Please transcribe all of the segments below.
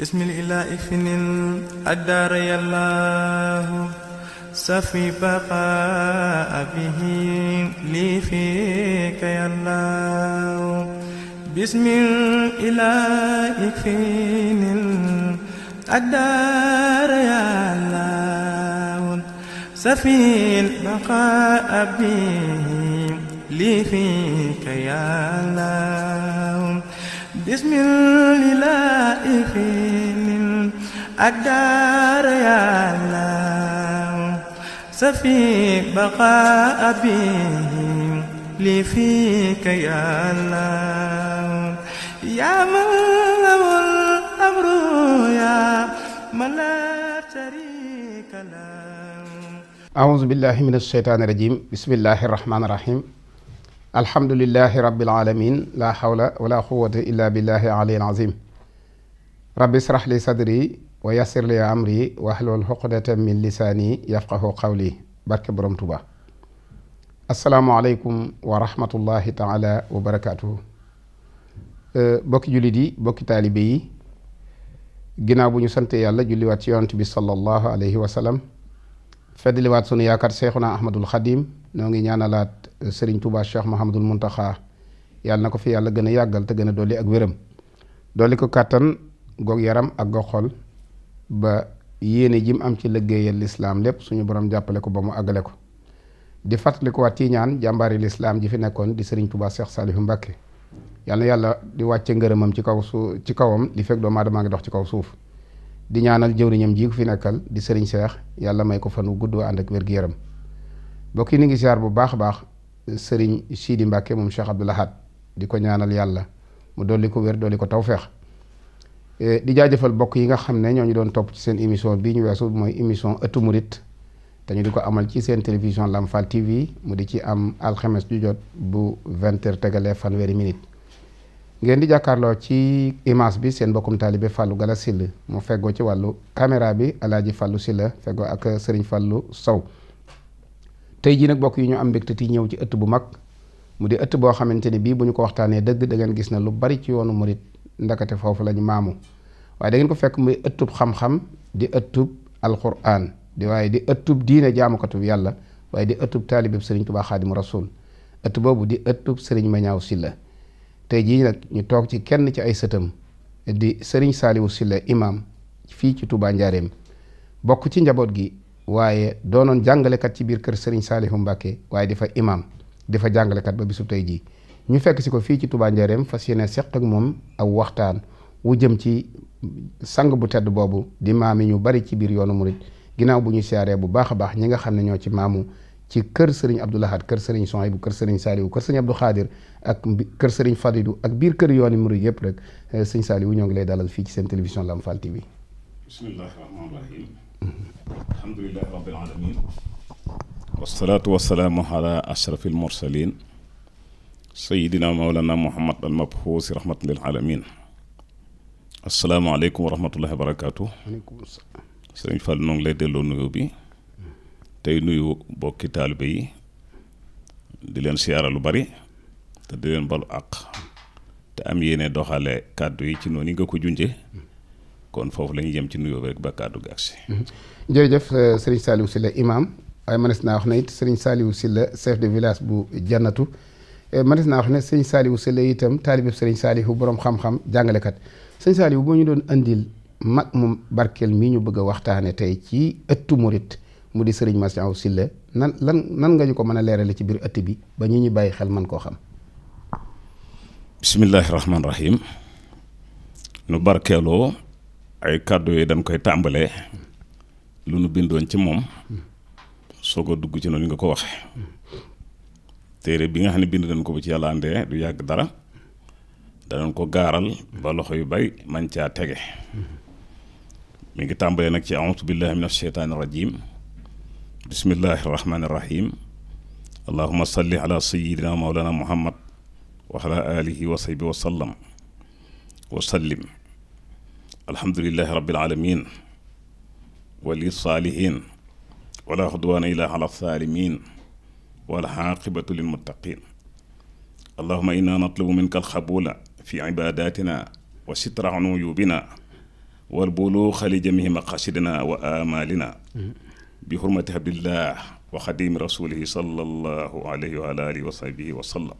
بسم الإله الدار يا الله سفي بقاء به لي فيك يا الله بسم الإله الدار يا الله سفي البقاء به لي فيك يا الله bismillahi finin الدار يا الله سفي بقاء به لي فيك يا الله يا من له الأمر يا من لا شريك له أعوذ بالله من الشيطان الرجيم بسم الله الرحمن الرحيم alhamdulilahi rabbil alamin la hawla wala quwata illa billahi aliyil azim rabbi israh li sadri wa yassir li amri wahlul uqdatan min lisaani yafqahu qawli barke borom tuba asalaamualeykum wa rahmatullahi taala wa barakatuhu eh, bokki jullit yi bokki taalibe yi bu ñu sante yàlla julliwaat ci yonent bi sallallahu alayhi wa sallam feddliwaat sunu yaakaar seexuna ahmadul xadim noo ngi ñaanalaat Serigne Touba Cheikh Mouhamadul Mountakha yàlla na ko fi yàlla gën a yàggal te gën a dolli ak wéram li ko kàttan goog yaram ak goog xol ba yéene ji mu am ci liggéeyal lislaam lépp suñu borom jàppale ko ba mu àggale ko di ko fàttalikuwaat ci ñaan jàmbaari lislaam ji fi nekkoon di Serigne Touba Cheikh Saliou Mbacké yàlla na yàlla di wàcce ngërëmam ci kaw su ci kawam li fekk doomu aadama ngi dox ci kaw suuf di ñaanal jëwriñam ji ku fi nekkal di Serigne Cheikh yàlla may ko fan wu gudd ànd ak yaram sëriñ Sidi Mbàkke moom Cheikh Abdoul Ahad di ko ñaanal yàlla mu dool dolli ko wér li ko taw feex tawféex e, di jaajëfal bokk yi nga xam ne ñoo ñu doon topp ci seen émission bii ñu weesu mooy émission ëttu murit te ñu di ko amal ci seen télévision Lamfal TV mu di ci am alxemes ju jot bu vingt heures tegalee fanweeri minute ngeen di jàkkaarloo ci image bi seen bokkum taalibe Fallou Gala Sill mu feggoo ci wàllu caméra bi alaaji Fallou Silla feggoo ak sëriñ Fallou Sow tey jii nag bokk yi ñu am mbégte ti ñëw ci ëtt bu mag mu di ëtt boo xamante ne bii bu ñu ko waxtaanee dëgg da ngeen gis na lu bari ci yoonu murit ndakate foofu lañu maamu waaye da ngeen ko fekk muy ëttub xam di ëttub alquran di waaye di ëttub diine jaamukatub yàlla waaye di ëttub taalibib sëriñ tubaa xaadimu rasul ëtt boobu di ëttub sëriñ mañaaw silla tey jii nag ñu toog ci kenn ci ay sëtam di sëriñ saaliwu silla imam fii ci tubaa njaareem bokk ci njaboot gi waaye doonoon jàngalekat ci biir kër Serigne Saalihu Mbàkke waaye di fa imaam di fa jàngalekat ba bisu tey jii ñu fekk si ko fii ci Touba Njaareem fas yéene seq ak aw waxtaan wu jëm ci sang bu tedd boobu di maam yi ñu bari ci biir yoonu murit ginnaaw bu ñu siyaaree bu baax a baax ñi nga xam ne ñoo ci maamu ci kër Serigne Abdou Lahad kër Serigne Souhaïbou kër Serigne Saliou kër Serigne Abdou Khadir ak kër sëriñ Fadilou ak biir kër yooni murit yëpp rek eh, sëñ Saliou ñoo ngi lay dalal fii ci seen télévision Lamp Fall TV. alhamdulilahi rabbil alamin wasalaatu wasalaamu ala ashrafil mursalin lay delloo nuyu bi tey nuyu bokki taalibe yi di leen siyaara lu bari te di leen balu àq te am yéene doxale kàddu yi ci noonu nga ko junje kon foofu la jëm ci nuyoo bi rek ba kàddu gi agsi mhm. jërëjëf euh, sëriñ Saliou Sylla imam waaye mënees naa wax na it sëriñ Saliou Sylla chef de village bu jannatu euh, mënees naa wax ne sëriñ Saliou Sylla itam taalibeb sëriñ Saliou borom xam-xam jàngalekat sëriñ Saliou boo ñu doon andil mag mu barkeel mii ñu bëgg a waxtaane tey ci ëttu murit mu di sëriñ Masdiaw Sylla nan lan nan nga ñu ko mën a leerale ci biir ëtt bi ba ñu ñu bàyyi xel man koo xam ay kàddu yi dañ koy tàmbalee lu nu bindoon ci moom soo ko dugg ci noonu nga ko waxe téere bi nga xam ne bind nañ ko bu ci yàlla àndee du yàgg dara danañ ko gaaral ba loxo yu bari man caa tege mi ngi tàmbalee nag ci allahuma salli ala sayidina mawlana muhammad wa ala alihi wa sahbi wa sallam wa alhamdulilahi rabbil alamin wali saalihin wala xudwaana illa ala saalimin wala xaaqibatu lil muttaqin allahuma inna natlubu minka alxabula fi ibadatina wa sitra an uyubina wal buluuxa li jamihi maqasidina wa amalina bi xurmati abdillah wa xadimi rasulihi sallallahu alayhi wa ala alihi wa sahbihi wa sallam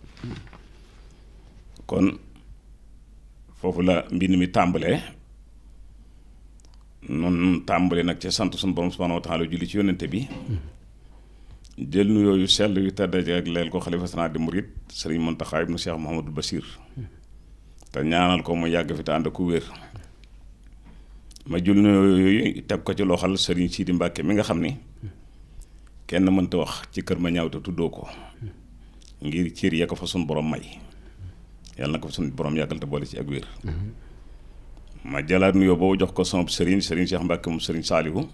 kon foofu la mbind mi tàmbalee noonu tàmbali nag ca sant suñu borom subhaanahu wa taala julli ci yónnente bi jël nu yooyu sell yu tàddaje ak leel ko xalifa sanaa di murit sëriñ Muntaxa ibnu Cheikh Mouhamadul Bachir te ñaanal ko mu yàgg fi te ànd ku wér ma jël nu yooyu teg ko ci loxal sëriñ Sidi Mbàkke mi nga xam ni kenn mënta wax ci kër ma ñaaw tuddoo ko ngir cër yee ko fa suñu borom may yàlla na ko fa suñu borom yàggal te boole ci ak wér ma jalaat nuyoo boobu jox ko sama sëriñ sëriñ Cheikh Mbacke mu sëriñ Saalihu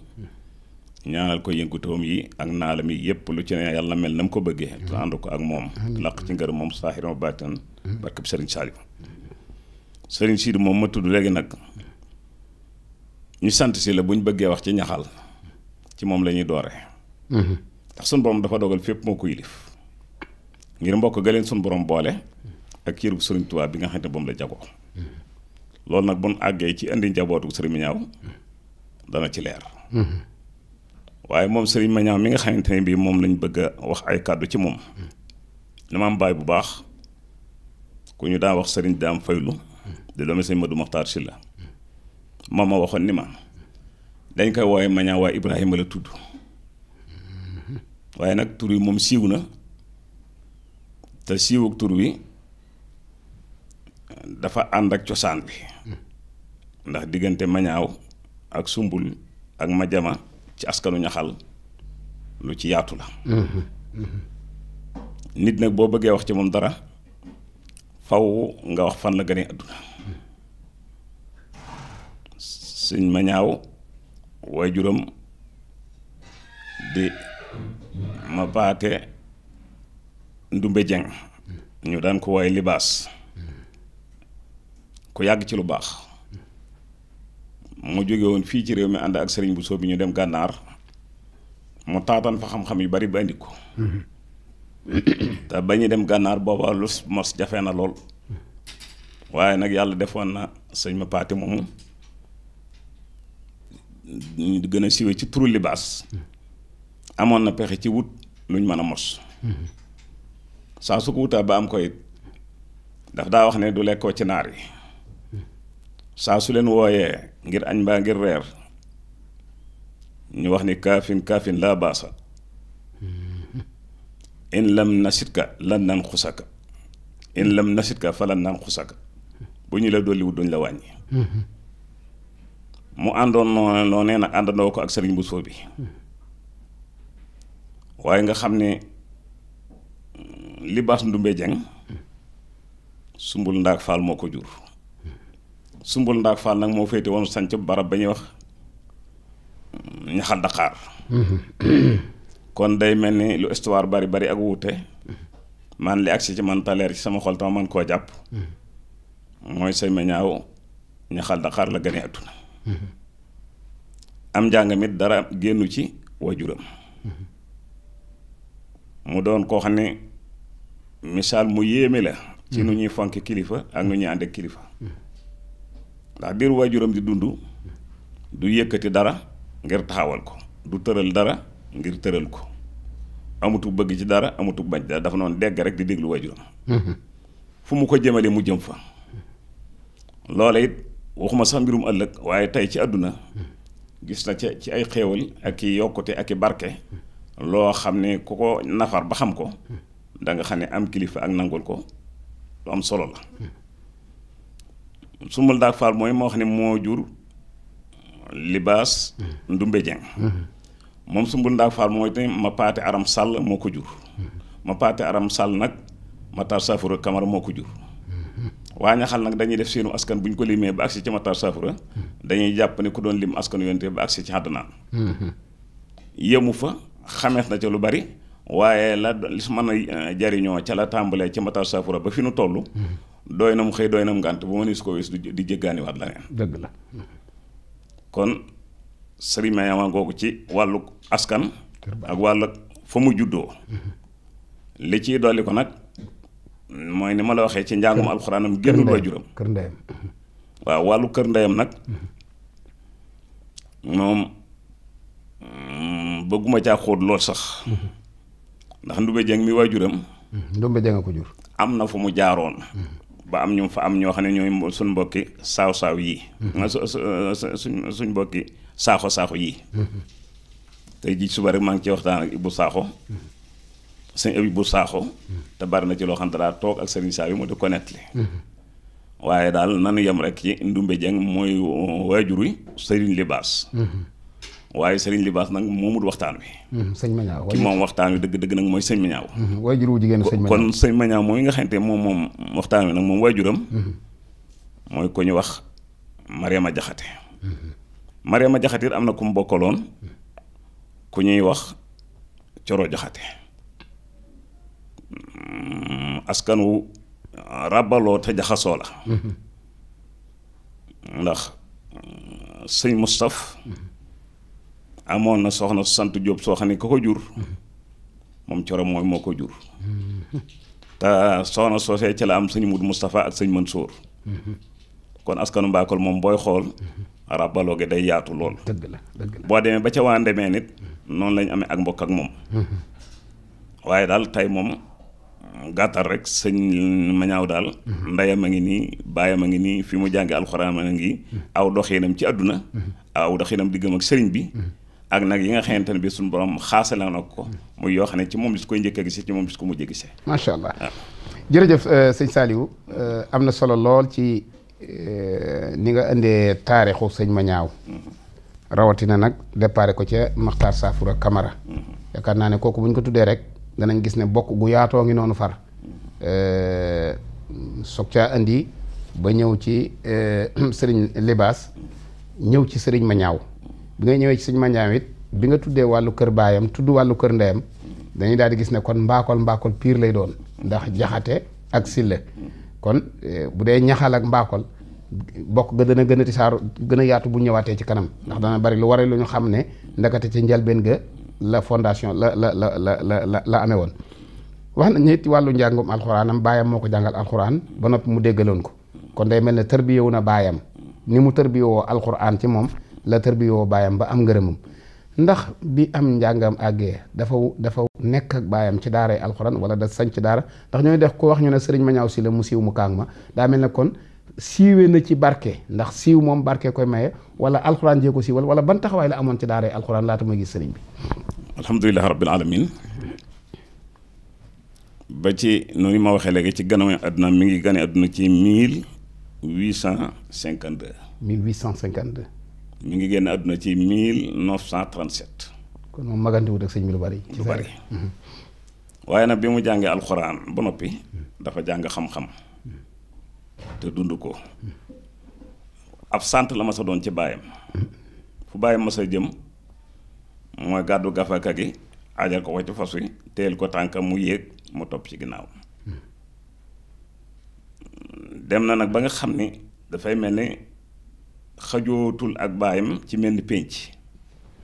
ñaanal ko yënkutoom yi ak naalam yi yëpp lu ci ne yàlla mel na mu ko bëggee. te ànd ko ak moom. laq ci ngër moom saaxiram baatin barke bi sëriñ Saalihu sëriñ Sidi moom ma tudd léegi nag ñu sant si la bu ñu bëggee wax ci ñaxal ci moom la ñuy doore. ndax sunu borom dafa dogal fépp moo ko yilif ngir mbokk galeen sunu borom boole. ak yërub sëriñ Tuubaa bi nga xam ne moom la jagoo. loolu nag bu nu àggee ci indi njabootu sëriñ Mañaaw dana ci leer. Mm-hmm. waaye moom sëriñ Mañaaw mi nga xamante ne bii moom lañu bëgg a wax ay kàddu ci moom. Mm-hmm. dama am baay bu baax ku ñu daan wax sëriñ daam faylu di doomi sëriñ Madu Moxtaar Si la ma mm-hmm. ma waxoon ni ma dañ koy wooye Mañaaw waaye Ibrahima la tudd waaye nag tur wi moom siiw na te siiwug tur wi. dafa ànd ak cosaan bi ndax diggante mañaaw ak sumbul ak majama ci askanu ñaxal lu ci yaatu la nit nag boo bëggee wax ci moom dara faw nga wax fan la gane àdduna sëñ mañaaw waaye juróom di ma baate ndumbe jeng ñu daan ko waaye libaas ku yàgg ci lu baax mu jóge woon fii ci réew mi ànd ak sëriñ bu soo bi ñu dem gànnaar mu taatan fa xam-xam yu bari ba indi ko te ba ñu dem gànnaar booba lu mos jafe na lool waaye nag yàlla defoon na sëñ ma paati moomu ñu gën a siwe ci turu libaas amoon na pexe ci wut luñ mën a mos mm-hmm. saa su ko wutaa ba am ko it daa wax ne du lekkoo ci naar yi saa su leen wooyee ngir añ mbaa ngir reer ñu wax ni kaafin kaafin laa baasa hmm. in lam nasitka lan naan xusaka in lam nasitka fa lan naan xusaka bu ñu la dolliwut duñ la wàññi hmm. mu àndoon noonu noo nee nag àndandoo ko ak sëriñ bu soo bi hmm. waaye nga xam ne li baas ndumbee jeng sumbul ndaag faal moo ko jur sumbul ndaak faal nag moo féete woon sanc barab ba ñuy wax ñaxal daqaar kon day mel ni lu histoire bari bari ak wuute man li agsi ci man taleer ci sama xol tama man koo jàpp mooy say meñaaw am njàng mit dara génnu ci wajuram mu doon koo xam ne misaal mu yéeme la ci nu ñuy fonk kilifa ak nu ñuy ànd kilifa ndax biir waajuram di dund du yëkkati dara ngir taxawal ko du tëral dara ngir tëral ko amutu bëgg ci dara amutu bañ dara dafa noon dégg rek di déglu waajuram mm-hmm. fu mu ko jëmale mu jëm fa loola it waxuma sax mbirum ëllëg waaye tey ci àdduna gis na ca ci ay xéewal ak i yokkute ak i barke loo xam ne ku ko nafar ba xam ko danga xam ne am kilifa ak nangul ko lu am solo la Sumbal Daak Fall mooy ma wax ne moo jur Libaas Ndumbe Jeng moom Sumbal Daak Fall mooy te ma paate aram sàll moo ko jur ma paate aram sàll nag Matar Safura Kamara moo ko jur waa ñaxal nag dañuy def seenu askan bu ñu ko limee ba agsi ci Matar Safura dañuy jàpp ne ku doon lim askan yonte ba agsi ci Adnaan yemu fa xamees na ca lu bari waaye la su mën a jariñoo ca la tàmbalee ci Matar Safura ba fi nu toll doy na mu xëy doy na mu ngànt bu ma ni su ko wees di jéggaaniwaat la neen dëgg la kon sëriñ Mayama googu ci wàllu askan ak wàllu fa mu juddoo mhm. li ciy dolli ko nag mooy ni ma la waxee ci njàngum alxuraanam génnul waajuram kër ndeyam mhm. waaw wàllu kër ndeyam nag mhm. moom mm, bëgguma caa xóot lool sax ndax ndumbe jeng mi waajuram ndumbe jeng a ko jur am na fu mu jaaroon ba am ñu fa am ñoo xam ne ñooy suñ mbokki saaw saaw yii mm-hmm. suñ suñ mbokki saaxo saaxo yii mm-hmm. tey ji suba rek maa ngi ci waxtaan ak Ibou Sakho mm-hmm. sëñ bu Sakho te bari na ci loo xam ne toog ak sëriñ saa yi mu di ko nettali waaye daal nanu yem rek ci Ndumbe Jeng mooy waajuru sëriñ Libaas waaye sëriñ li libaas nag moomut waxtaan wi mm-hmm. sëñ mañaaw ki moom waxtaan wi dëgg dëgg nag mooy sëñ mañaaw mm-hmm. waajur wu jigéen sëñ mañaaw kon sëñ nga xamante moom moom waxtaan wi nag moom waajuram mm-hmm. mooy ko ñu wax Mariama Jaxate Mariama Jaxate it am na ku mu ku ñuy wax Coro Jaxate mm, askan ràbbaloo te jaxasoo la ndax mm, sëñ Mustaf amoon na soxna sant Jóob soo xam ne ko ko jur mm-hmm. moom coro mooy moo ko jur te soxna soosee ci la am sëñ Mudu Moustapha ak man Mansour mm-hmm. kon askanu mbaakol moom booy xool arab mm-hmm. day yaatu lool dëgg la boo demee ba ca waa ndemee nit noonu lañ amee ak mbokk ak moom waaye daal tey moom gàttal rek sëñ mañaaw daal ndeyam a ngi nii baayam a ngi nii fi mu jàngi alxuraan a ngi aw doxinam ci àdduna aw doxinam diggam ak sëriñ bi ak nag yi nga xamante ne suñ suñu borom xaasale na ko muy yoo xam ne ci moom bis koy njëkk a gisee ci moom bis ko mujj a gisee macha allah ah. jërëjëf euh, sëñ Saliou euh, am na solo lool ci euh, ni nga indee taarixu sëñ ma ñaaw mm-hmm. rawatina nag déparé ko ca Makhtar Safoura kamara mm-hmm. yaakaar naa ne kooku bu ñu ko tuddee rek danañ gis ne bokk gu yaatoo ngi noonu far mm-hmm. soog caa indi ba ñëw ci sëriñ Libaas ñëw ci sëriñ ñaaw bi ngay ñëwee ci sëñ Mandiaam bi nga tuddee wàllu kër baayam tudd wàllu kër ndeyam dañuy daal di gis ne kon mbaakol mbaakol piir lay doon ndax jaxate ak sille kon eh, bu dee ñaxal ak mbaakol bokk ga dana gën a tisaaru gën a yaatu bu ñëwaatee ci kanam ndax dana bari lu waree lu ñu xam ne ndakate ci njalbeen ga la fondation la la la la la la amee woon wax na ñit wàllu njàngum alxuraanam baayam moo ko jàngal alxuraan ba noppi mu déggaloon ko kon day mel ne tërbiyewu na baayam ni mu tërbiyewoo alxuraan ci moom la tërbiyoo baayam ba am ngërëmam ndax bi am njàngam àggee dafa dafa nekk ak baayam ci daaray alxuraan wala da sañ ci daara ndax ñooy def ko wax ñu ne sëriñ ma ñaaw si la mu siiw mu kaang ma daa mel ne kon siiwee na ci barke ndax siiw moom barke koy maye wala alxuraan jee ko siiwal wala ban taxawaay la amoon ci daaray alxuraan laata muy gis sëriñ bi. alhamdulilah rabbil alamin ba ci nu ma waxee léegi ci ganam àdduna mi ngi gane àdduna ci mi huit cent cinquante deux. mille cent cinquante mi ngi génn àdduna ci mille neuf cent trente sept. kon moom magantiwut ak sëñ bi lu bari. lu bari mhm. waaye nag bi mu jàngee alxuraan ba noppi. dafa jàng xam-xam. Mhm. te dund ko. ab sant la ma sa doon ci baayam. Mhm. fu baayam ma sa jëm mooy gàddu gafaka gi ajal ko ko ci fas wi teel ko tànk mu yéeg mu topp ci ginnaaw. dem na nag ba nga xam ni dafay mel ni. xajootul ak baayam ci mel ni pénc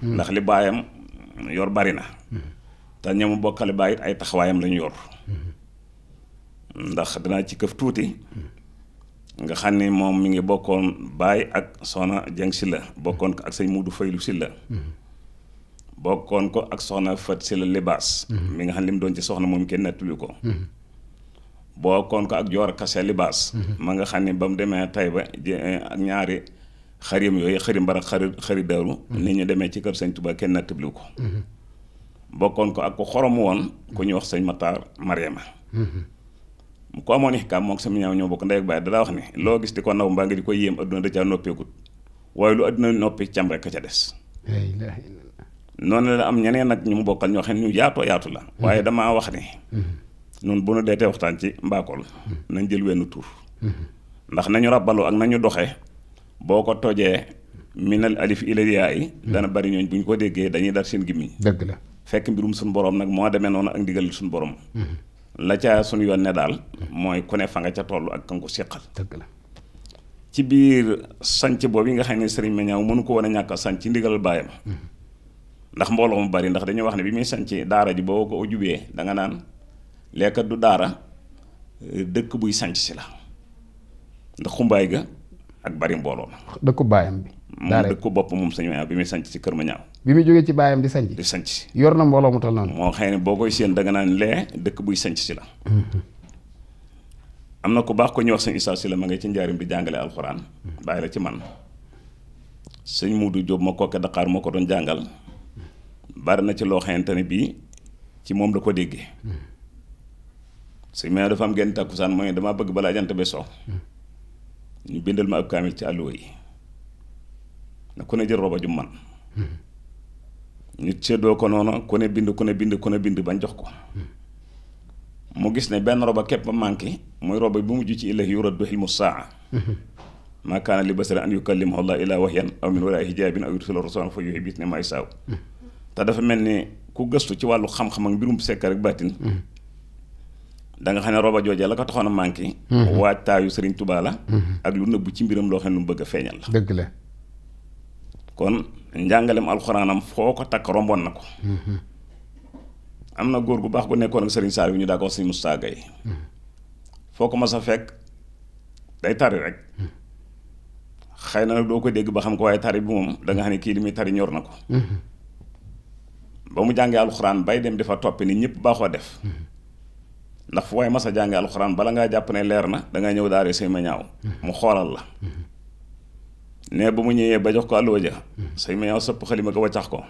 hmm. ndax li baayam yor bari na hmm. te ñamu bokkale baay ay taxawaayam lañu yor hmm. ndax danaa ci këf tuuti nga xam ne moom mu ngi bokkoon baay ak soxna Jeng la bokkoon ko ak sëñ Muudu Faylu Silla bokkoon ko ak soxna Fat mi nga xam li mu doon ci soxna moom kenn nettali ko bokkoon ko ak Joor Kase Libaas ma nga xam ne ba mu demee ba eh, ak ñaari xarim yooyu xari mbarak xari xari mm-hmm. ni ñu demee ci kër sëñ Tuubaa kenn nattabliwu ko mm-hmm. bokkoon ko ak ko xorom woon ku ñuy wax sañ Matar Mariama mm-hmm. mu ko amoon ixkaam moom sama ñaaw ñoo bokk ndey ak wax ne loo gis ko naw mbaa nga di ko yéem adduna caa noppeekut waaye lu adduna noppi cam ca des noonu la am ñeneen nag ñu mu bokkal ñoo xam ñu yaatoo yaatu la waaye damaa wax ne nun bu nu deetee waxtaan ci mbaakool nañ jël wenn tur ndax nañu ràbbaloo ak nañu doxee boo ko tojee minal alif ilal yaa yi hmm. dana bari ñooñ bu ñu ko déggee dañuy dar seen gimmiñ dëgg la fekk mbirum suñ boroom nag moo demee noonu ak ndigal suñu borom hmm. la ca suñu yoon ne daal mooy ku ne fa nga ca toll ak kanku seqal dëgg la ci biir sanc boobu yi nga xam ne sëriñ Mañaaw mënu ko woon a ñàkk a sanc ndigal baayam hmm. ndax mbooloo mu bari ndax dañoo wax ne bi muy sanc daara ji boo ko jubee da nga naan lekkat du daara dëkk buy sanc si la ndax xumbaay ga ak bari mbooloo ma. dëkku baayam bi. daara moom bopp moom sañ sëñ bi muy sanc si kër ma ñaaw. bi mu jógee ci baayam di sanc. di yor na mbooloo mu tal noonu. moo xëy boo koy séen danga naan lee dëkk buy sanc si la. Mm-hmm. na ku baax ko ñuy wax sëñ si la ma ci njaarim bi jàngale alxuraan. Mm-hmm. bàyyi la ci man sëñ Muudu Jóob ma kooke Dakar moo ko doon jàngal. Mm-hmm. bari na ci loo xamante ne bii ci moom la ko déggee. sëñ ma dafa am genn tàkkusaan mooy damaa bëgg balaa jant be soo ñu bindal ma ab kaamil ci àlluwa yi na ku ne jël roba ju ñu séddoo ko noonu ku ne bind ku ne bind ku ne bind bañ jox ko mu gis ne benn roba képp ma manqué muy roba bu mujj ci illah yuraddu ilmu saa maa kaana li basara an yukallimahu llah illaa wahyan aw min waraai hijaabin aw yursila rasulan fa yuhi bis ne may saaw mm. te dafa mel ni ku gëstu ci wàllu xam-xam ak mbirum sekk rek baatin mm. danga xam ne roba joojee la ko taxoon a manqué. Mhm. waajtaayu Serigne Touba la. Mhm. ak lu nëbbu ci mbiram loo xam ne mu bëgg a feeñal la. dëgg la. kon njàngalem alxuraanam foo ko takk romboon na ko. Mhm. am na góor gu baax ko nekkoon ak Serigne Saliou ñu daa ko wax si Moustapha Gueye. foo ko mas a fekk day tari rek. xëy na nag doo ko dégg ba xam ko waaye tari bi moom da nga xam ne kii li muy tari ñor na ko. ba mu jàngee alxuraan bay dem dafa toppi ni ñëpp baaxoo def. ndax fu waaye mas a jànge alxuraan bala ngaa jàpp ne leer na dangay ñëw daaree sëñ ma ñaaw mu xoolal la ne ba mu ñëwee ba jox ko alluwa ja sëñ ma ñaaw sëpp xalima ko waccax ko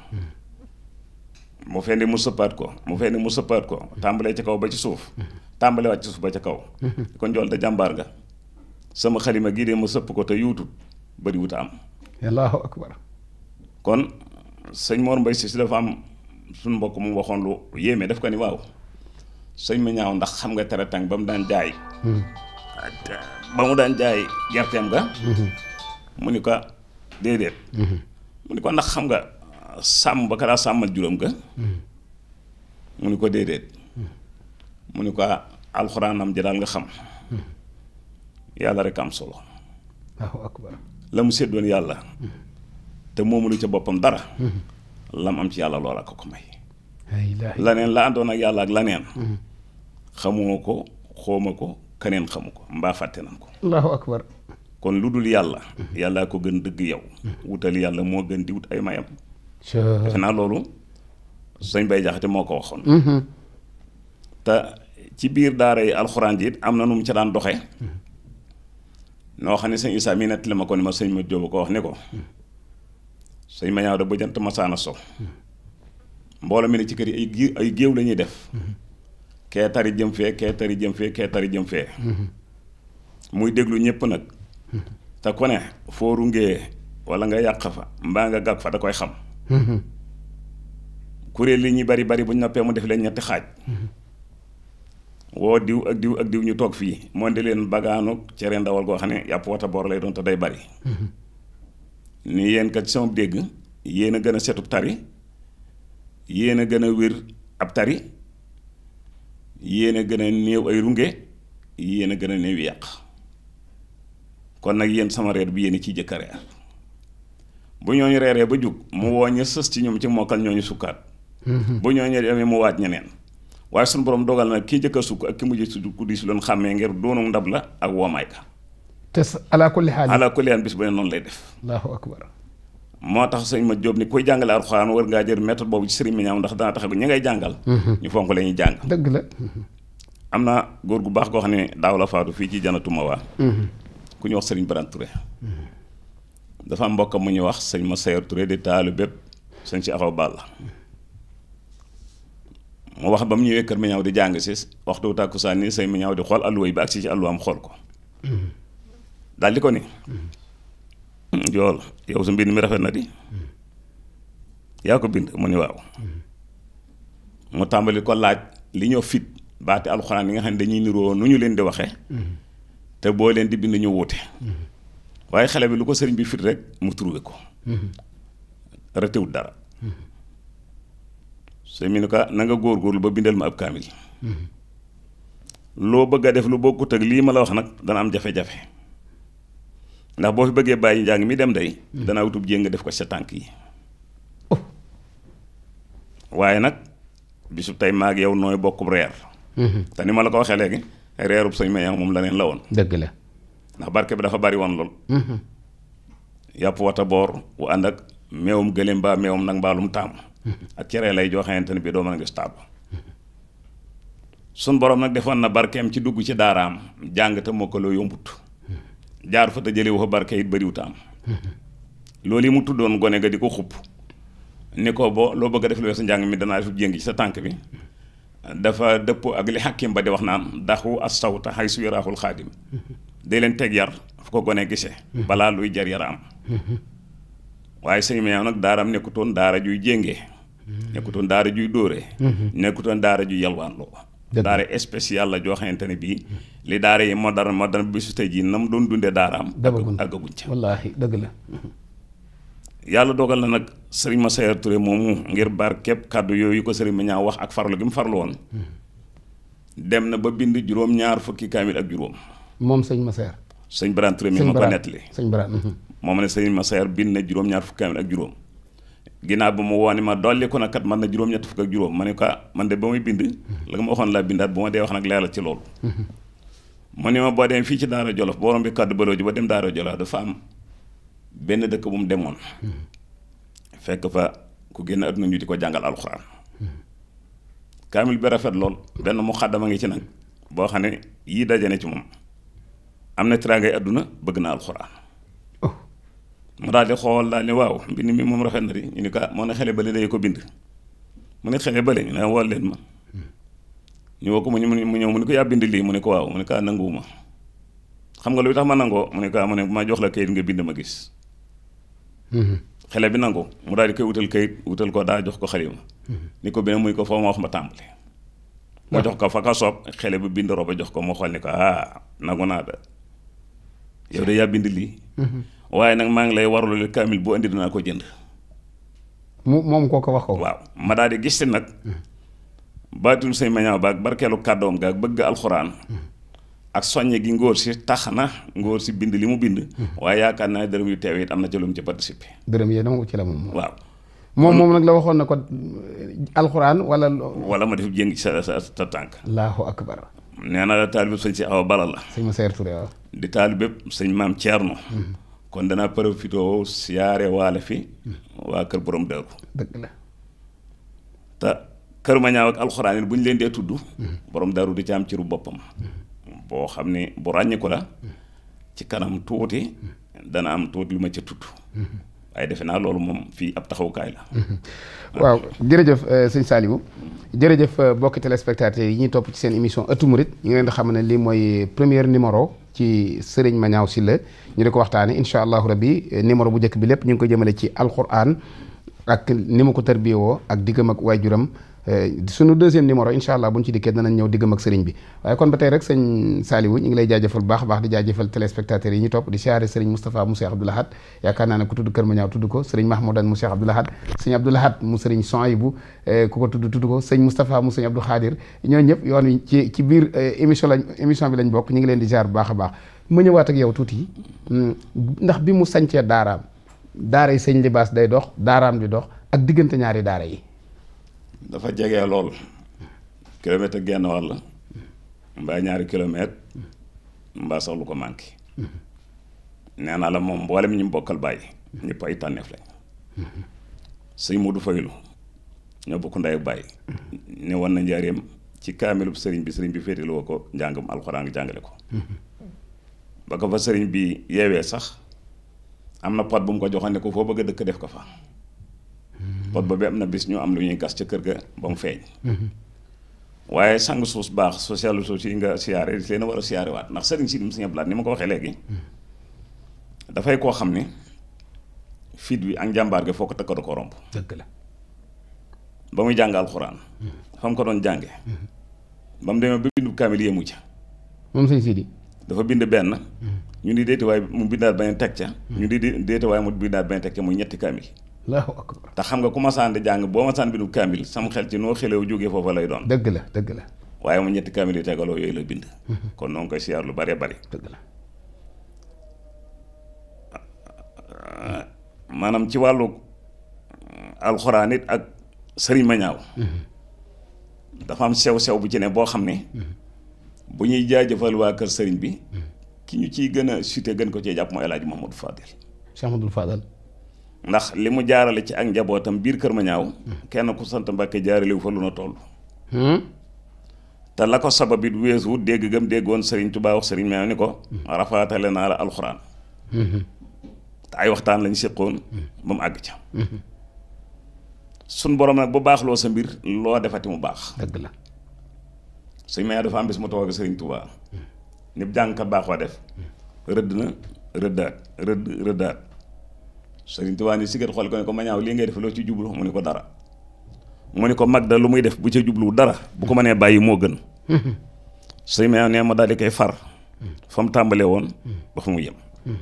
mu fendi mu sëppaat ko mu fendi mu sëppaat ko tàmbalee ci kaw ba ci suuf tàmbalee wàcc suuf ca kaw kon da jàmbaar nga sama xalima gii de ma sëpp ko te yuutut bari am kon sëñ Mor Mbay si si dafa am suñ mbokk mu waxoon lu yéeme daf ko ni waaw sëñ ma ndax xam nga teratang ba mu daan jaay hmm. ba mu daan jaay gerteem ga hmm. mu ni ko déedéet hmm. mu ni ko xam nga sàmm ba ka daa sàmmal ko déedéet mu ni alxuraanam ji daal nga xam yàlla rek am solo la mu séddoon yàlla te moomulu ca boppam dara lam am ci yàlla loola ko ko may laneen la àndoon ak yàlla ak laneen xamoo ko xooma ko keneen xamu ko mbaa fàtte nan ko allahu akbar kon lu dul yàlla yàllaa ko gën dëgg yow wutal yàlla moo gën di wut ay mayam defe naa loolu sëñ Bay Jaxate moo ko waxoon mm-hmm. te ci biir daara yi alxuraan ji am na nu mu ca daan doxe noo xam ne sëñ Isaa mi nettali ma ko ne ma sëñ ma Jóob ko wax ne ko sëñ ma ñaaw da ba jant masaana so mbooloo mi ne ci kër yi ay géew lañuy def kee tari jëm fee kee tari jëm fee kee tari jëm fee muy déglu ñëpp nag te kone ne foo rungee wala nga yàq fa mbaa nga gàgg fa da koy xam kuréel li ñuy bari bari bu ñu noppee mu def leen ñetti xaaj woo diw ak diw ak diw ñu toog fii moom di leen bagaanu cere ndawal goo xam ne yàpp wata boor lay doon te day bari ni yéen kat sama dégg yéen a gën a setub tari yéen a gën a wér ab tari yéen a gën a néew ay runge yéen a gën a néew yàq kon nag yéen sama reer bi yéen ciy jëkk a reer bu ñooñu reeree ba jug mu woo ñu sës ci ñoom ci ñoo ñu sukkaat mm-hmm. bu ñooñu demee mu waaj ñeneen waaye suñu borom dogal na kii jëkk a sukk ak ki mujj sukk ku diis loon xàmmee ngir doonu ndab la ak woomaay ka te alaa kulli xaal bis ba ne noonu lay def moo tax sëñ ma jóob ni kuy jàngale alxuraan war ngaa jër méthode boobu ci sëriñ Mignane ndax dana tax ñi ngay jàngal. Mhm. ñu fonk la ñuy jàng. dëgg la. am na góor gu baax koo xam ne daaw la faatu fii ci Janatu Mawa. Mhm. ku ñuy wax sëriñ Birane Touré. Mhm. dafa am mu ñuy wax sëñ ma Seyar Touré di taalu bépp sëñ si Awa Balla. mu wax ba mu ñëwee kër Mignane di jàng si waxtu tàkkusaan nii sëñ Mignane di xool alluwa bi ak si ci alluwaam xool ko. daal ko ni. jool hmm, yow su mbind mi rafet na di yaa ko bind mu ni waaw mu tàmbali ko laaj li ñoo fit baati alxuraan yi nga xam ne dañuy niroo nu ñu leen di waxee te boo leen di bind ñu wuute waaye xale bi lu ko sëriñ bi fit rek mu trouvé ko retewut dara su mu ni ko ah, na nga ba bindal ma ab kaamil hmm. loo bëgg a def lu bokkut ak lii ma la wax nag dana am jafe-jafe ndax boo fi bëggee bàyyi njàng mi dem day danaa wutub jéng def ko sa tànk yi oh. waaye nag bisu tey maag yow nooy bokkub reer mm-hmm. te ni ma la ko waxee léegi reerub sëñ Mañaŋ moom la neen la woon dëgg la ndax barke bi dafa bari woon lool mm-hmm. yàpp wata boor wu ànd ak meewum gëléem mbaa meewum nag mbaalum taam mm-hmm. ak cere lay joo xamante ne bii doo mën a gis tàbb sun borom nag defoon na barkeem ci dugg ci daaraam jàng te moo yombut jaar fa te jëlewu fa barke it bëriwut am loolu yi mu tuddoon gone ga di ko xupp ni ko boo loo bëgg a def lu sa njàng mi danaa def jéngi ci sa tànk bi dafa dëppoo ak li xàkkim ba di wax naan daxu assawta xay su yaraaxul xaadim day leen teg yar fu ko gone gisee balaa luy jar yara am waaye sëñ meew nag daaram nekkutoon daara juy jéngee nekkutoon daara juy dóoree nekkutoon daara juy yalwaanloo daara spécial la joo xamante ne bii li daara yi moderne moderne bi su tey jii na mu doon dundee daaraam àggaguñ ca wallaahi dëgg la yàlla dogal na nag sëriñ Massayer Touré moomu ngir bar képp kàddu yooyu ko sëriñ ma ñaa wax ak farlu gi mu farlu woon hmm. dem na ba bind juróom ñaar fukki kaamil ak juróom moom sëñ Massayer sëñ Birane Touré mi ma ko nettali sëñ ma hmm. moom ne sëriñ bind na juróom ñaar fukki kaamil ak juróom ginnaaw ba mu woo ne ma dolli ko nag kat man na juróom-ñett fukk ak juróom ma ne kaa man de ba muy bind la nga ma waxoon laa bindaat bu ma dee wax nag leeral ci loolu mu ne ma boo dem fii ci Daara Jolof boo rombee kàddu baroo ji ba dem Daara Jolof dafa am benn dëkk bu mu demoon fekk fa ku génn àdduna ñu di ko jàngal alxuraan kaamil bi rafet lool benn mu xàddama ngi ci nag boo xam ne yii daje na ci moom am na tiraangay àdduna bëgg na alxuraan mu daal di xool daal ne waaw mbind mi moom rafet na di ñu ni ko ah, moo ne xele bële day ko bind mu ne xele bële ñu ne wool leen ma ñu woo ko mu ñëw mu ni ko yaa bind lii mu ne ko waaw mu ne kaa ah, nanguwuma xam nga luy tax ma nangoo mu ne kaa ah, mu ne ma jox la kayit nga bind ma gis bi nangu mu daal di koy wutal kayit wutal ko daa jox ko xalima ni ko benn muy ko foo ma wax ma tàmbale ma jox ko fa ka soob xele bu bind roba jox ko mu xool ni ko ah nangu naa da yow de yaa bind lii waaye nag maa ngi lay warloo kaamil boo indi dinaa ko jënd. mu moom koo ko wax ko. waaw ma daal di gis te nag. Mm. baatul say meññaaw ba ak kàddoom ga bëgg alxuraan. Mm. ak soññe gi ngóor si tax na ngóor si bind li mu bind. Mm. waaye yaakaar naa dërëm yu teew it na ci ci participé. dërëm yee dama ci la moom. moom moom la waxoon na ko alxuraan wala. wala ma def jëng ci tànk. allahu akbar. nee na la taalibe sëñ si sëñ waaw. di taalibe sëñ maam Thierno. kon danaa profité siyaare waale fi waa kër borom Daaru. dëgg la. te kër ma ñaaw ak alxuraan yi bu ñu leen dee tudd. borom Daaru di ci am ciru boppam. boo xam ne bu ràññiku la. ci kanam tuuti. dana am tuuti lu ma ca tudd. waaye defe naa loolu moom fii ab taxawukaay la. waaw jërëjëf eh, sëñ Saliou. jërëjëf mbokki eh, téléspectateurs yi ñu topp ci seen émission Ëttu Murid ñu ngi leen di xam ne lii mooy premier numéro. ci sëriñ Mañaaw la ñu di ko waxtaane incha allahu rabbi numéro bu njëkk bi lépp ñu ngi ko jëmale ci alquran ak ni mu ko tarbiyewoo ak diggam ak waajuram Eh, suñu deuxième numéro incha allah bu ñu ci dikkee danañ ñëw diggam ak sëriñ bi waaye kon ba tey rek sëñ Saliou ñu ngi lay jaajëfal baax baax di jaajëfal téléspectateurs yi ñu topp di siyaare sëriñ Moustapha mu Cheikh Abdoul Ahad yaakaar naa ne ku tudd Kër Mañaaw tudd ko sëriñ Mahmoudan mu Cheikh Abdoul Ahad sëñ Abdoul Ahad mu sëriñ Sohaybou eh, ku ko tudd tudd ko sëñ Moustapha mu sëñ Abdou Khadir ñoo ñëpp yoon wi ci ci biir eh, émission lañ émission bi lañ bokk ñu ngi leen di jaar baax a baax ma ñëwaat ak yow tuuti hmm, ndax bi mu sañcee daaraam daara yi sëñ libaas day dox daaraam di dox ak diggante ñaari daara yi dafa jege lool kilomètre ak genn wàll mbaa ñaari kilomètre mbaa sax ko manqué nee naa la moom mboole mboolem ñu mbokkal bàyyi ñëpp ay tànneef lañ sëñ Modou Faylu ñoo bokk nday ak bàyyi ne woon na njaareem ci kaamilub sëriñ bi sëriñ bi féetaloo ko njàngam alxuraan jàngale ko ba ko fa sëriñ bi yeewee sax am na pot bu mu ko joxoon ko foo bëgg a dëkk def ko fa boobu ba bi na bis ñu am lu ñuy gas ca kër ga ba mu feeñ mhm. waaye sang suus baax socialu suus yi nga siyaare leen a war a siyaare ndax sëriñ si dim suñu blaat ni ma ko waxee léegi mhm. dafay koo xam ni fit bi ak njàmbaar gi foo ko takka ko romb dëgg ba muy jàng alxuraan mhm. fa mu ko doon jànge ba mu demee ba bindu kaamil yemu ca moom sëñ Sidi dafa bind benn ñu di deeti waaye mu bindaat beneen teg ca ñu di deeti waaye mu bindaat beneen teg ca mu ñetti kaamil allahu akbar te xam nga ku ma di jàng boo masaan bindu kaamil sam xel ci noo xelew jóge foofa lay doon dëgg la dëgg la waaye mu ñetti kaamil yu tegaloo yooyu la bind mhm. kon noonu koy siyaar lu bare bari dëgg la ci wàllu alxuraan ak sëriñ Mañaaw mhm. dafa am sew sew bu ci ne boo xam ne mhm. bu ñuy jaajëfal waa kër sëriñ bi ki ñu ciy gën a cité gën ko cee jàpp mooy El Hadj Mahmoud Fadel Cheikh Mahmoud Fadel ndax li mu jaarale ci ak njabootam biir Kër ma ñaaw kenn ku sant Mbàkke jaarale wu fa lu na toll. Hmm? te la ko sabab it weesu dégg gam déggoon Serigne Touba wax Serigne Mañaaw ni ko. Hmm. rafaatale naa la hmm. te ay waxtaan lañ seqoon. ba mu àgg ca. suñ borom nag bu baax loo sa mbir loo defati mu baax. dëgg la Serigne Mañaaw dafa am bis mu toog ak Serigne Touba. ni jàngkat baaxoo def. rëdd na rëddaat rëdd rëddaat. Sëriñ Tuubaa ni sikkar xool ko ne ko ma ñaaw lii ngay def loo ci jublu mu ne ko dara mu ne ko mag da lu muy def bu ca jublu dara bu ko mënee bàyyi moo gën sëriñ ma ne ma daal di koy far mm. fa mu tàmbalee woon mm. ba fa mu yem mm.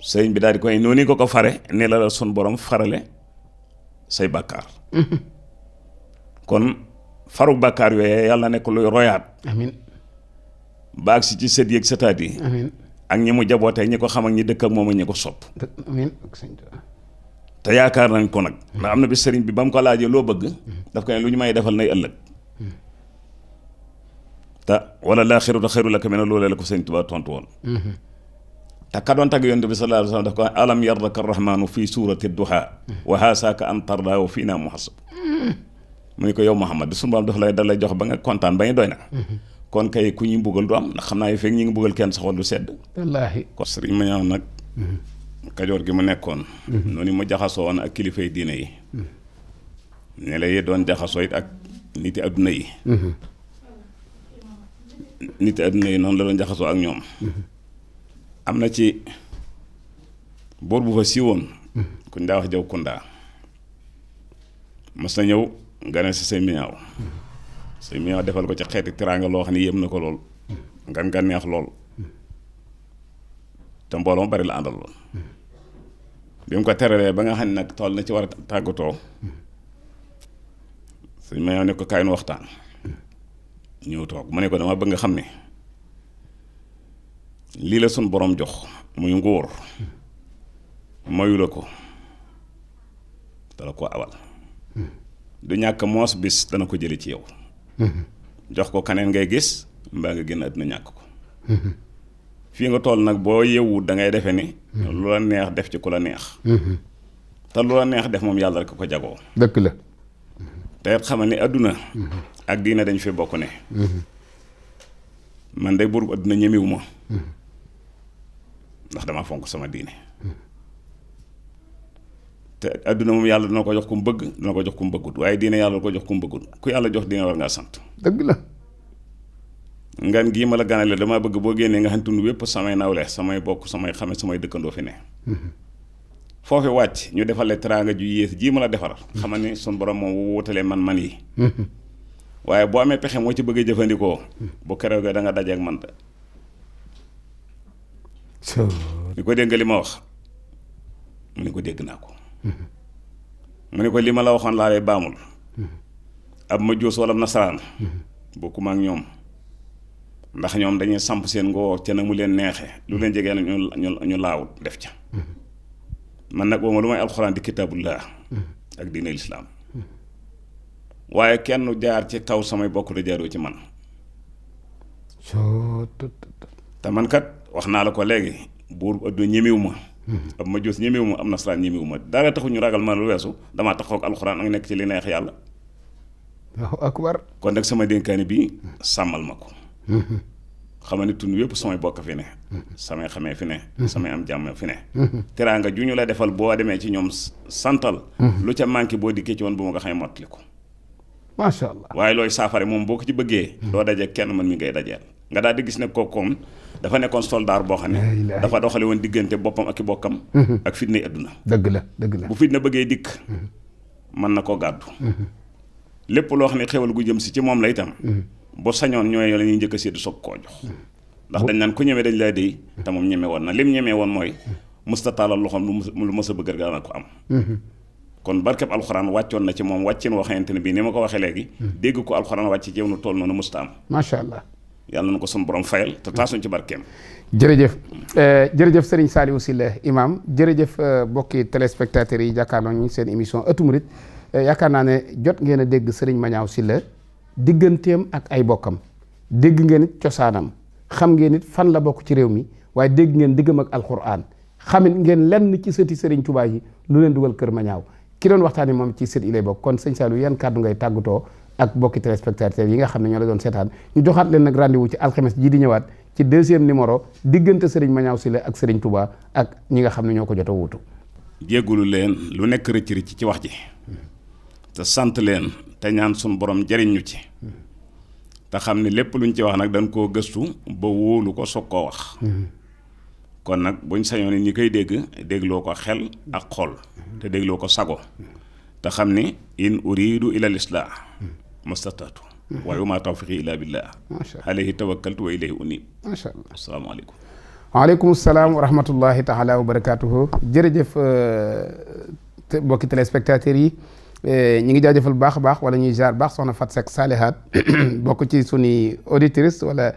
sëriñ bi daal koy noonu ko ko fare ne la la sun borom farale say bàkkaar mm-hmm. kon faru bàkkaar yooyee yàlla nekk luy royaat amin ba agsi ci sët yëg sëtaat yi ak ñi mu jabootee ñi ko xam ak ñi dëkk ak moom ak ñi ko sopp te yaakaar nañ ko nag ndax am na bi sëriñ bi ba mu ko laaj loo bëgg daf ko ne lu ñu may defal nay ëllëg te wala laa xiratu xayru laka mina loolee la ko sëriñ Tuubaa tontu woon te ka doon tagg yonent bi sallallaahu duhaa wa haasaaka an wa fii naa muhasab mu ne ko yow Muhammad sunu Boroom daf lay da lay jox ba nga kontaan ba ñu doy na kon kay ku ñuy buggal du am ndax xam naa ne fekk ñu ngi mbugal kenn saxoon du sedd. kon sëriñ ma nag. Mhm. kajoor gi mu nekkoon. Mhm. noonu mu jaxasoo ak kilifay yi diine yi. Mhm. ne doon jaxasoo it ak niti adduna yi. niti adduna yi noonu la doon jaxasoo ak ñoom. am na ci boor bu fa siiwoon. kuñ daa wax jaw kundaa mas na ñëw gane si sëñ mi ñaaw sëñ bi defal ko ci xeeti tiraanga loo xam ne yéem na ko lool ngan nga neex lool te mbooloo mu bari la àndal lool bi mu ko teralee ba nga xam ne nag tool na ci war a tàggatoo sëñ bi ne ko kaay nu waxtaan ñëw toog mu ne ko dama bëgg nga xam ne lii la sun borom jox muy nguur mayu ko dala ko abal du ñàkk moos bis dana ko jële ci yow jox ko kaneen ngay gis mbaa nga génn àdduna ñàkk ko fii nga tool nag boo yeewu dangay defe ni lu la neex def ci ku la neex te lu la neex def moom yàlla rek ko jagoo dëkk la te it xamal ni àdduna ak diine dañ fi bokk ne man de buurub àdduna ñemiwu ma ndax damaa fonk sama diine te adduna moom yàlla dana ko jox ku mu bëgg dana ko jox ku bëggut waaye diine yàlla dana ko jox ku mu bëggut ku yàlla jox diine war ngaa sant. dëgg la. ngan gii ma la ganale damaa bëgg boo génnee nga xam tund yépp samay nawle samay bokk samay xame samay dëkkandoo fi ne. Mhm. foofu wàcc ñu defale teraanga ju yées jii ma la defar. xamal ni sunu borom moom wutalee man-man yi. Mhm. waaye boo amee pexe moo ci bëggee jëfandikoo. Mhm. bu keroogee danga nga dajeeg man. soo. ni ko dégg li ma wax mu ni ko mu ne ko li ma la waxoon laa lay baamul mm-hmm. ab ma joos walla nasaraan mm-hmm. bokkuma ak ñoom ndax ñoom dañuy samp seen ngoo ca na mu leen neexe lu leen jegee ñu ñu laawut def ca mm-hmm. man nag wooma lu may alxuraan di kitaabullah ak diine lislaam waaye kenn jaar ci kaw samay bokk da jaaroo ci man te man kat wax naa la ko léegi buur bu ëdd ñemiw ma ab ma joos ñemewu ma am nasaraan ñemewu ma dara taxu ñu ragal ma lu weesu damaa taxaw ak alxuraan ak nekk ci li neex yàlla. kon nag sama dénkaane bi sàmmal ma ko. xam ne tund yëpp samay bokk fi ne. samay xamee fi ne. samay am jàmm fi ne. teraanga ju ñu la defal boo demee ci ñoom santal. lu ca manqué boo dikkee ci woon bu ma nga xam ne mottali ko. macha allah waaye looy saafare moom boo ko ci bëggee. loo daje kenn man mi ngay dajeel. nga daal di gis ne kookoom dafa nekkoon soldaar boo xam ne dafa doxale woon diggante boppam ak i bokkam mm-hmm. ak fitna yi adduna dëgg la dëgg la bu fitna bëggee dikk mm-hmm. mën na koo gàddu mm-hmm. lépp loo xam ne xewal gu jëm si ci moom la itam bu sañoon ñooy la ñuy njëkk a séddu soog koo jox ndax dañ naan ku ñemee dañ laa déy te moom ñemee woon na lim ñemee woon mooy musta taalal loxoom lu mës sa bëgg a daana ko am kon barkeb alxuraan wàccoon na ci moom wàccin woo xamante ne bii ni ma ko waxee léegi dégg ko alxuraan wàcc ci yow nu toll noonu musta am macha yàlla na ko sunu borom fayal te taasuñ ci barkeem. jërëjëf eh, jërëjëf Serigne Saliou Sylla imam jërëjëf eh, mbokki téléspectateurs yi jàkkaarloo ñu seen émission Ëttu Murid eh, yaakaar naa ne jot ngeen a dégg Serigne Mañaaw Sylla digganteem ak ay bokkam dégg ngeen it cosaanam xam ngeen it fan la bokk ci réew mi waaye dégg ngeen diggam ak alxuraan xamit ngeen lenn ci sëti Serigne Touba yi lu leen dugal kër Mañaaw ki doon waxtaanee moom ci sët lay bokk kon sëñ Saliou yan kàddu ngay ak mbokki téléspectateurs yi nga xam ne ñoo la doon seetaan ñu joxaat leen nag rendez-vous ci alxames ji di ñëwaat ci deuxième numéro diggante Serigne Mañaaw Sylla ak Serigne Touba ak ñi nga xam ne ñoo ko jot a wuutu. jéggulu leen lu nekk rëcc rëcc ci wax ji te sant leen te ñaan suñu borom jëriñ ñu ci te xam ne lépp luñ ci wax nag dañ koo gëstu ba wóolu ko soog koo wax. kon nag buñ sañoo ni ñi koy dégg dégloo ko xel ak xol te dégloo ko sago te xam ni in uridu ila mastataatu waaye wa maa tawfiqi illaa billah alayhi tawakkaltu wa ilayhi unib macha allah asalaamaaleykum waaleykum salaam wa rahmatullahi taala wa barakaatuhu jërëjëf mbokki téléspectateurs yi ñi ngi jaajëfal baax a baax wala ñuy jaar baax soxna Fat Seck Salihat bokk ci suñuy auditrice wala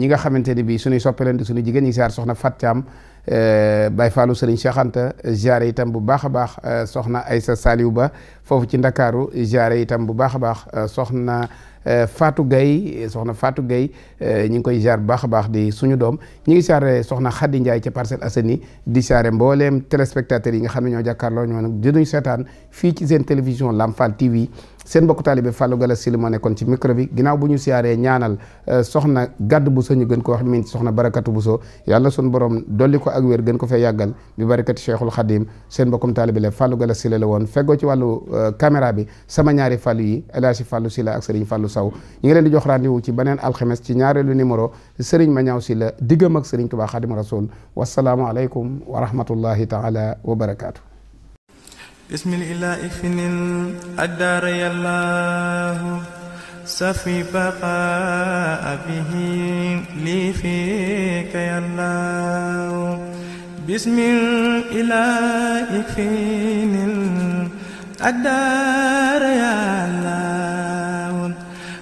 ñi nga xamante ne bii suñuy soppeleen di suñu jigéen ñi saar soxna Fat Thiam Euh, bay faalu sëriñ Cheikh Anta jaare itam bu baax a baax euh, soxna ay Aysa Saliou Ba foofu ci Ndakaaru jaare itam bu baax a baax euh, soxna Fatou Gueye soxna Fatou Gueye ñu ngi koy jaar bu baax di suñu doom ñu ngi saare soxna Khady Ndiaye ci Parcelles Assainies di saare mbooleem téléspectateurs yi nga xam ne ñoo jàkkaarloo ñoo nag dinañu seetaan fii ci seen télévision Lamp Fall TV seen mbokk taalibe Fallou Galass Syll moo nekkoon ci micro bi ginnaaw bu ñu siyaaree ñaanal euh, soxna Gàdd Bousso ñu gën ko wax min soxna Barakatu so yàlla sun borom dolli ko ak wér gën ko fee yàggal bi barakati Cheikhul Khadim seen mbokkum taalibe la Fallou Galass Syll la woon feggoo ci wàllu euh, caméra bi sama ñaari Fallou yi El Hadji Fallou Sylla ak Serigne fàllu saw ñu ngi leen di jox rendez-vous ci beneen alxames ci ñaareelu numéro Serigne Magnaw Sylla diggam ak Serigne Touba Khadim Rasoul wasalaamu aleykum wa rahmatullahi taala wa barakaatu بسم الإله فن الدار يا الله سفي بقاء به لي فيك يا الله بسم الإله فن الدار يا الله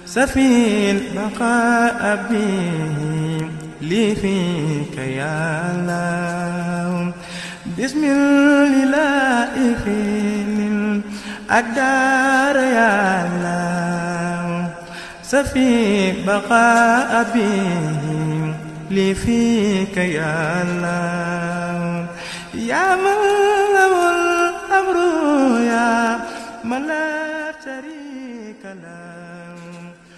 سفي البقاء به لي فيك يا الله bismillahi xiinil ak daara yàllaw safi baqa abihim li fika yàllaw yaa man lawul amru yaa man la